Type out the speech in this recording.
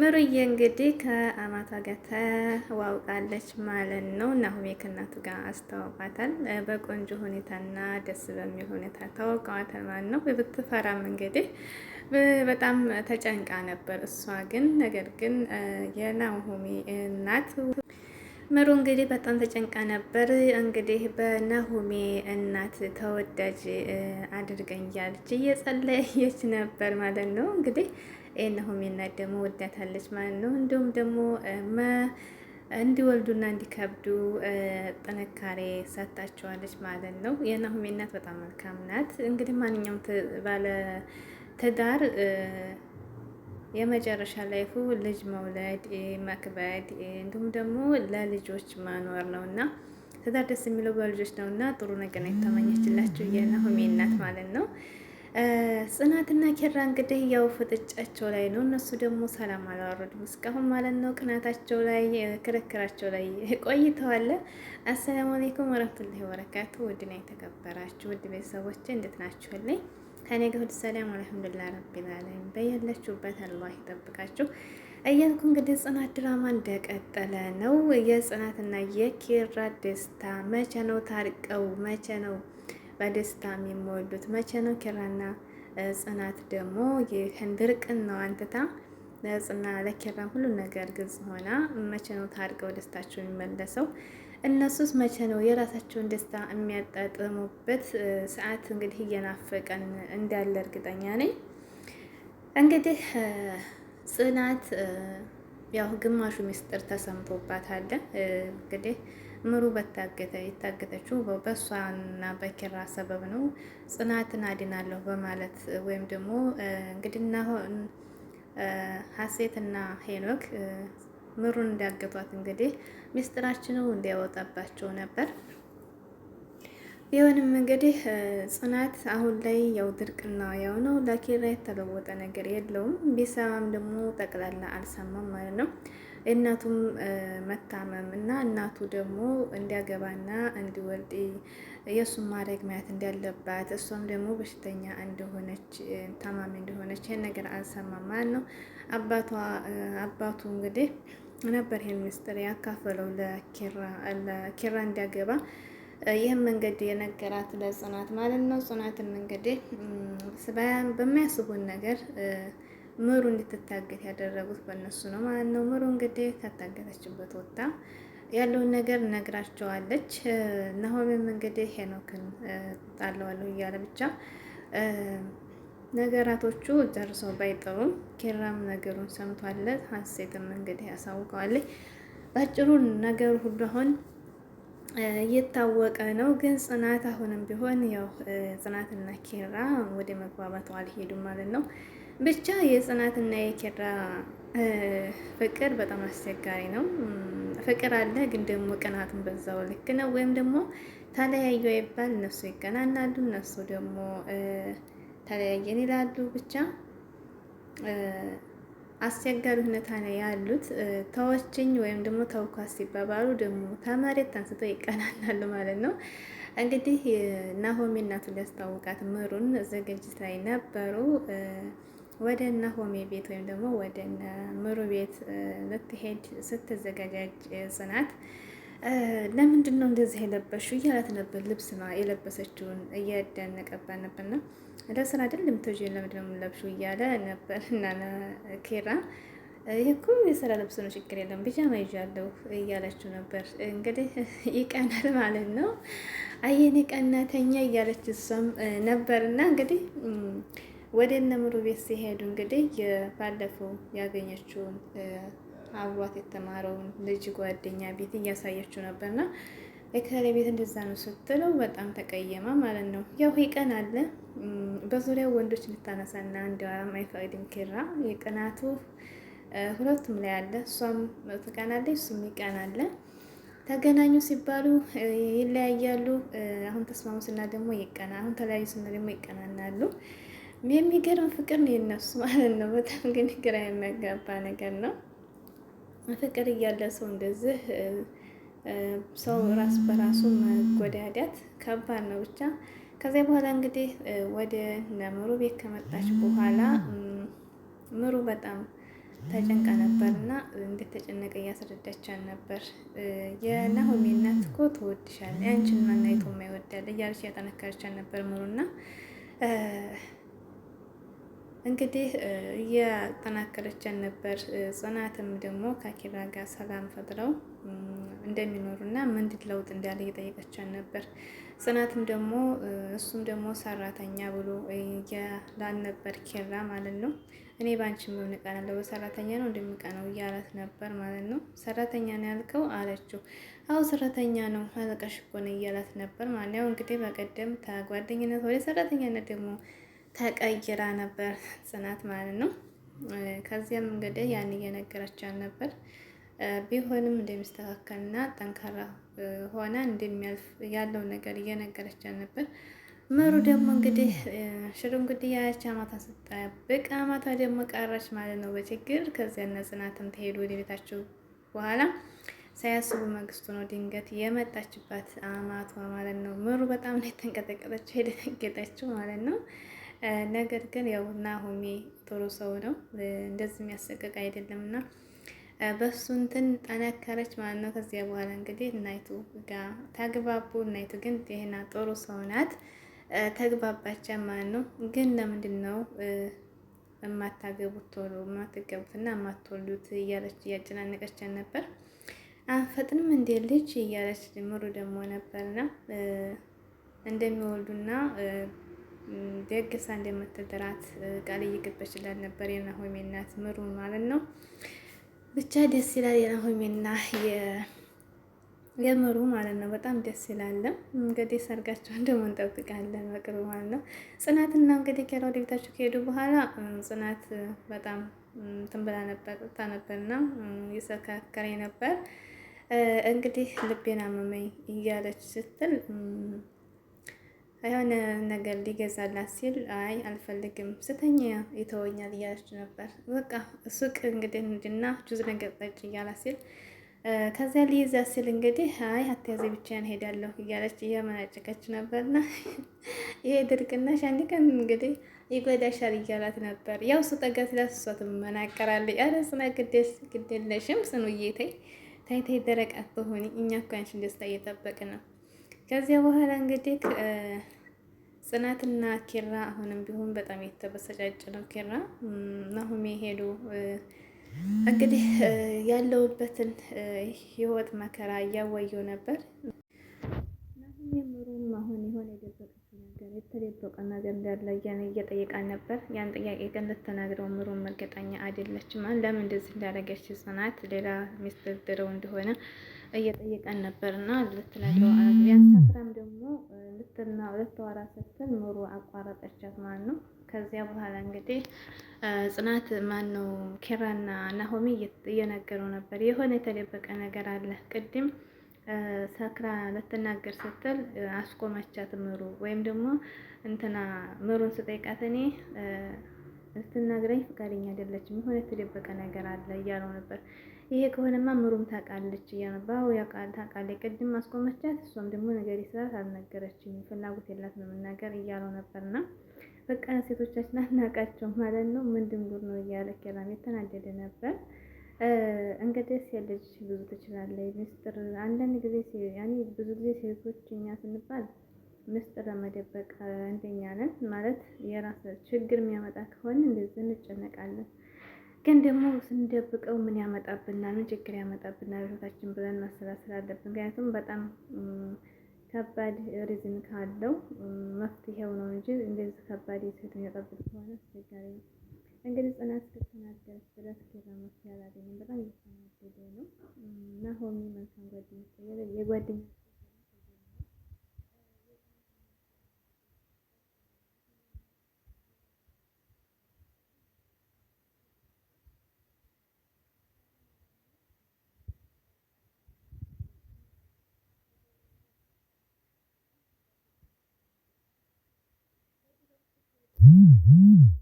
ምሩዬ እንግዲህ ከአማቷ ጋር ተዋውቃለች ማለት ነው። ናሁሜ ከእናቱ ጋር አስተዋውቋታል። በቆንጆ ሁኔታና ደስ በሚል ሁኔታ ተዋውቀዋታል ማለት ነው። ብትፈራም እንግዲህ በጣም ተጨንቃ ነበር እሷ ግን ነገር ግን የናሁሜ እናት ምሩ እንግዲህ በጣም ተጨንቃ ነበር። እንግዲህ በናሁሜ እናት ተወዳጅ አድርገኝ እያለች እየጸለየች ነበር ማለት ነው እንግዲህ ናሆም እናት ደግሞ ወዳታለች ማለት ነው። እንዲሁም ደግሞ እንዲወልዱና እንዲከብዱ ጥንካሬ ሰታቸዋለች ማለት ነው። የናሆም እናት በጣም መልካም ናት። እንግዲህ ማንኛውም ባለ ትዳር የመጨረሻ ላይፉ ልጅ መውለድ መክበድ፣ እንዲሁም ደግሞ ለልጆች ማኖር ነው እና ትዳር ደስ የሚለው በልጆች ነው እና ጥሩ ነገር ነው የተመኘችላችሁ የናሆሜ እናት ማለት ነው። ጽናትና ኪራ እንግዲህ ያው ፍጥጫቸው ላይ ነው። እነሱ ደግሞ ሰላም አላወረዱም እስካሁን ማለት ነው። ቅናታቸው ላይ ክርክራቸው ላይ ቆይተዋል። አሰላሙ አለይኩም ወረህመቱላሂ ወበረካቱ። ውድና የተከበራችሁ ውድ ቤተሰቦች እንዴት ናችሁልኝ? ከኔ ጋር ሁሉ ሰላም አልሐምዱሊላህ ረቢል ዓለሚን። በያላችሁበት አላህ ይጠብቃችሁ እያልኩ እንግዲህ ጽናት ድራማ እንደቀጠለ ነው። የጽናትና የኪራ ደስታ መቼ ነው ታርቀው መቼ ነው በደስታ የሚወዱት መቼ ነው? ኪራና ጽናት ደግሞ ይህን ድርቅናዋን ለጽና ለኪራም ሁሉ ነገር ግልጽ ሆና መቼ ነው ታርቀው ደስታቸው የሚመለሰው? እነሱስ መቼ ነው የራሳቸውን ደስታ የሚያጣጥሙበት ሰዓት እንግዲህ እየናፈቀን እንዳለ እርግጠኛ ነኝ። እንግዲህ ጽናት ያው ግማሹ ምስጢር ተሰምቶባታል እንግዲህ ምሩ በታገተ የታገተችው በሷና በኪራ ሰበብ ነው። ጽናትን አድናለሁ በማለት ወይም ደግሞ እንግዲህና ሀሴትና ሄኖክ ምሩን እንዳገቷት እንግዲህ ሚስጥራችን እንዲያወጣባቸው ነበር። ቢሆንም እንግዲህ ጽናት አሁን ላይ ያው ድርቅና ያው ነው። ለኪራ የተለወጠ ነገር የለውም። ቢሰማም ደግሞ ጠቅላላ አልሰማም ማለት ነው። እናቱም መታመም እና እናቱ ደግሞ እንዲያገባና እንዲወልድ የእሱን ማድረግ ማየት እንዳለባት እሷም ደግሞ በሽተኛ እንደሆነች ታማሚ እንደሆነች ይህን ነገር አልሰማም ማለት ነው። አባቷ አባቱ እንግዲህ ነበር ይህን ምስጢር ያካፈለው ለኪራ እንዲያገባ ይህም መንገድ የነገራት ለጽናት ማለት ነው። ጽናትም እንግዲህ በሚያስቡን ነገር ምሩ እንድትታገት ያደረጉት በእነሱ ነው ማለት ነው። ምሩ እንግዲህ ካታገተችበት ወጥታ ያለውን ነገር ነግራቸዋለች። ናሆምም እንግዲህ ሄኖክን ጣለዋለሁ እያለ ብቻ ነገራቶቹ ደርሰው ባይጠሩም ኬራም ነገሩን ሰምቷለ ሀሴትም እንግዲህ ያሳውቀዋለች። በአጭሩ ነገሩ ሁሉ አሁን እየታወቀ ነው። ግን ጽናት አሁንም ቢሆን ያው ጽናትና ኬራ ወደ መግባባት አልሄዱም ማለት ነው። ብቻ የጽናትና የኪራ ፍቅር በጣም አስቸጋሪ ነው። ፍቅር አለ ግን ደግሞ ቅናትን በዛው ልክ ነው። ወይም ደግሞ ተለያዩ ይባል እነሱ ይቀናናሉ፣ እነሱ ደግሞ ተለያየን ይላሉ። ብቻ አስቸጋሪ ሁኔታ ነው ያሉት። ተወችኝ ወይም ደግሞ ተውኳት ሲባባሉ ደግሞ ተመሬት ተንስቶ ይቀናናሉ ማለት ነው። እንግዲህ ናሆሚ እናቱ ሊያስታውቃት ምሩን ዝግጅት ላይ ነበሩ። ወደ እነ ሆሜ ቤት ወይም ደግሞ ወደ እነ ምሩ ቤት ልትሄድ ስትዘጋጃጅ ጽናት ለምንድን ነው እንደዚህ የለበሽው እያላት ነበር። ልብስ የለበሰችውን እያደነቀባት ነበርና ለስራ አይደል ልምቶች ለምንድን ነው የምንለብሽው እያለ ነበር እና ኬራ ይህ እኮ የስራ ልብስ ነው፣ ችግር የለም ብጃማ ይዣለሁ እያለችው ነበር። እንግዲህ ይቀናል ማለት ነው። አየኔ ቀናተኛ እያለች እሷም ነበርና እንግዲህ ወደ እነምሩ ቤት ሲሄዱ እንግዲህ ባለፈው ያገኘችውን አብሯት የተማረውን ልጅ ጓደኛ ቤት እያሳየችው ነበርና የከሌ ቤት እንደዛ ነው ስትለው በጣም ተቀየማ ማለት ነው። ያው ይቀን አለ በዙሪያው ወንዶች ልታነሳና እንዲያወራም አይፈቅድም ኪራ። የቅናቱ ሁለቱም ላይ አለ። እሷም ትቀናለች፣ እሱም ይቀናል። ተገናኙ ሲባሉ ይለያያሉ። አሁን ተስማሙ ስና ደግሞ ይቀና አሁን ተለያዩ ስና ደግሞ ይቀናናሉ። የሚገርም ፍቅር ነው የነሱ ማለት ነው። በጣም ግን ግራ የሚያጋባ ነገር ነው። ፍቅር እያለ ሰው እንደዚህ ሰው ራስ በራሱ መጎዳዳት ከባድ ነው ብቻ። ከዚያ በኋላ እንግዲህ ወደ ምሩ ቤት ከመጣች በኋላ ምሩ በጣም ተጨንቃ ነበር እና እንደተጨነቀ ተጨነቀ እያስረዳቻል ነበር። የናሆሚ እናት እኮ ትወድሻል፣ አንቺን ማናየቱ የማይወዳል እያለች እያጠነከረቻል ነበር ምሩና እንግዲህ እያጠናከረችን ነበር። ጽናትም ደግሞ ከኪራ ጋር ሰላም ፈጥረው እንደሚኖሩ እንደሚኖሩና ምንድን ለውጥ እንዳለ እየጠየቀችን ነበር። ጽናትም ደግሞ እሱም ደግሞ ሰራተኛ ብሎ እያላን ነበር ኪራ ማለት ነው። እኔ በአንቺ ምን በሰራተኛ ነው እንደሚቀናው እያላት ነበር ማለት ነው። ሰራተኛ ነው ያልከው አለችው። አሁ ሰራተኛ ነው አለቀሽ እኮ ነው እያላት ነበር ማለት ነው። እንግዲህ በቀደም ከጓደኝነት ወደ ሰራተኛነት ደግሞ ተቀይራ ነበር ጽናት ማለት ነው። ከዚያም እንግዲህ ያን እየነገረቻት ነበር። ቢሆንም እንደሚስተካከልና ጠንካራ ሆነ እንደሚያልፍ ያለው ነገር እየነገረቻት ነበር። መሩ ደግሞ እንግዲህ ሽርንጉድ ያያች አማታ ስጠብቅ አማታ ደግሞ ቀረች ማለት ነው በችግር ከዚያ እነ ጽናትም ተሄዱ ወደ ቤታቸው በኋላ ሳያስቡ መንግስቱ ነው ድንገት የመጣችባት አማቷ ማለት ነው። መሩ በጣም ነው የተንቀጠቀጠችው የደነገጠችው ማለት ነው። ነገር ግን ያው ናሆሜ ጥሩ ሰው ነው፣ እንደዚህ የሚያሰቀቅ አይደለም እና በሱ እንትን ጠነከረች ማለት ነው። ከዚያ በኋላ እንግዲህ እናይቱ ጋር ተግባቡ። እናይቱ ግን ይሄና ጥሩ ሰው ናት፣ ተግባባቻ ማለት ነው። ግን ለምንድን ነው የማታገቡት ቶሎ የማትገቡትና የማትወሉት እያለች እያጨናነቀች ነበር። አንፈጥንም እንዴ ልጅ እያለች ምሩ ደግሞ ነበርና እንደሚወልዱና ደግሳ እንደምትድራት ቃል እየገባችላት ነበር የናሆሜ እናት ምሩ ማለት ነው። ብቻ ደስ ይላል የናሆሜና የምሩ ማለት ነው። በጣም ደስ ይላለም። እንግዲህ ሰርጋቸውን ደግሞ እንጠብቃለን በቅርቡ ማለት ነው። ጽናትና እንግዲህ ኬራ ወደ ቤታቸው ከሄዱ በኋላ ጽናት በጣም ትንብላ ነበር ጣ ነበርና ይሰካከረ ነበር እንግዲህ ልቤን አመመኝ እያለች ስትል የሆነ ነገር ሊገዛላት ሲል አይ አልፈልግም ስተኛ ይተወኛል እያለች ነበር። በቃ ሱቅ እንግዲህ እንድና ጁዝ ነገር ጠጭ እያላት ሲል ከዚያ ሊይዛ ሲል እንግዲህ አይ አትያዘ ብቻዬን ሄዳለሁ እያለች እያመናጨቀች ነበርና ይሄ ድርቅናሽ አንድ ቀን እንግዲህ ይጎዳሻል እያላት ነበር። ያው ስጠጋ ስላት እሷ ትመናቀራለች። ኧረ ጽና ግዴስ ግዴለሽም ጽኑዬ ተይ ተይ ደረቅ አትሆኒ እኛ እኮ ያንቺን ደስታ እየጠበቅን ነው ከዚያ በኋላ እንግዲህ ጽናትና ኪራ አሁንም ቢሆን በጣም የተበሰጫጭ ነው። ኪራ ናሁሜ ሄዱ እንግዲህ ያለውበትን ህይወት መከራ እያወየው ነበር። የተደበቀ ነገር እንዳለ እየጠየቃን ነበር። ያን ጥያቄ ግን ልትነግረው ምሩም እርግጠኛ አይደለችም። ለምን እንደዚህ እንዳደረገች ጽናት ሌላ ሚስጥር ድረው እንደሆነ እየጠየቀን ነበር እና ልትነግረው ያን አክራም ደግሞ ልታወራ ስትል ምሩ አቋረጠቻት ማለት ነው። ከዚያ በኋላ እንግዲህ ጽናት ማን ነው ኬራና ናሆሚ እየነገረው ነበር የሆነ የተደበቀ ነገር አለ ቅድም ሰክራ ልትናገር ስትል አስቆመቻት ምሩ። ወይም ደግሞ እንትና ምሩን ስጠይቃት እኔ ልትናገረኝ ፈቃደኛ አይደለችም፣ የሆነ የተደበቀ ነገር አለ እያለው ነበር። ይሄ ከሆነማ ምሩም ታውቃለች እያነባው ያውቃል ታውቃለች። ቅድም አስቆመቻት፣ እሷም ደግሞ ነገር ይስራት አልነገረችም፣ ፍላጎት ነው መናገር እያለው ነበርና በቃ ሴቶቻችን አናቃቸው ማለት ነው። ምንድን ጉድ ነው እያለ ኬራም የተናደደ ነበር። እንግዲህ ሴት ልጅ ብዙ ትችላለች። ምስጢር አንዳንድ ጊዜ ያኔ ብዙ ጊዜ ሴቶች እኛ ስንባል ምስጢር ለመደበቅ አንደኛ ነን ማለት የራስ ችግር የሚያመጣ ከሆነ እንደዚህ እንጨነቃለን። ግን ደግሞ ስንደብቀው ምን ያመጣብናል፣ ምን ችግር ያመጣብናል ህይወታችን ብለን ማሰላሰል አለብን። ምክንያቱም በጣም ከባድ ሪዝን ካለው መፍትሄው ነው እንጂ እንደዚህ ከባድ የሴት የሚያጠብቅ ከሆነ አስቸጋሪ ነው። እንግዲህ ጽናት Mm-hmm.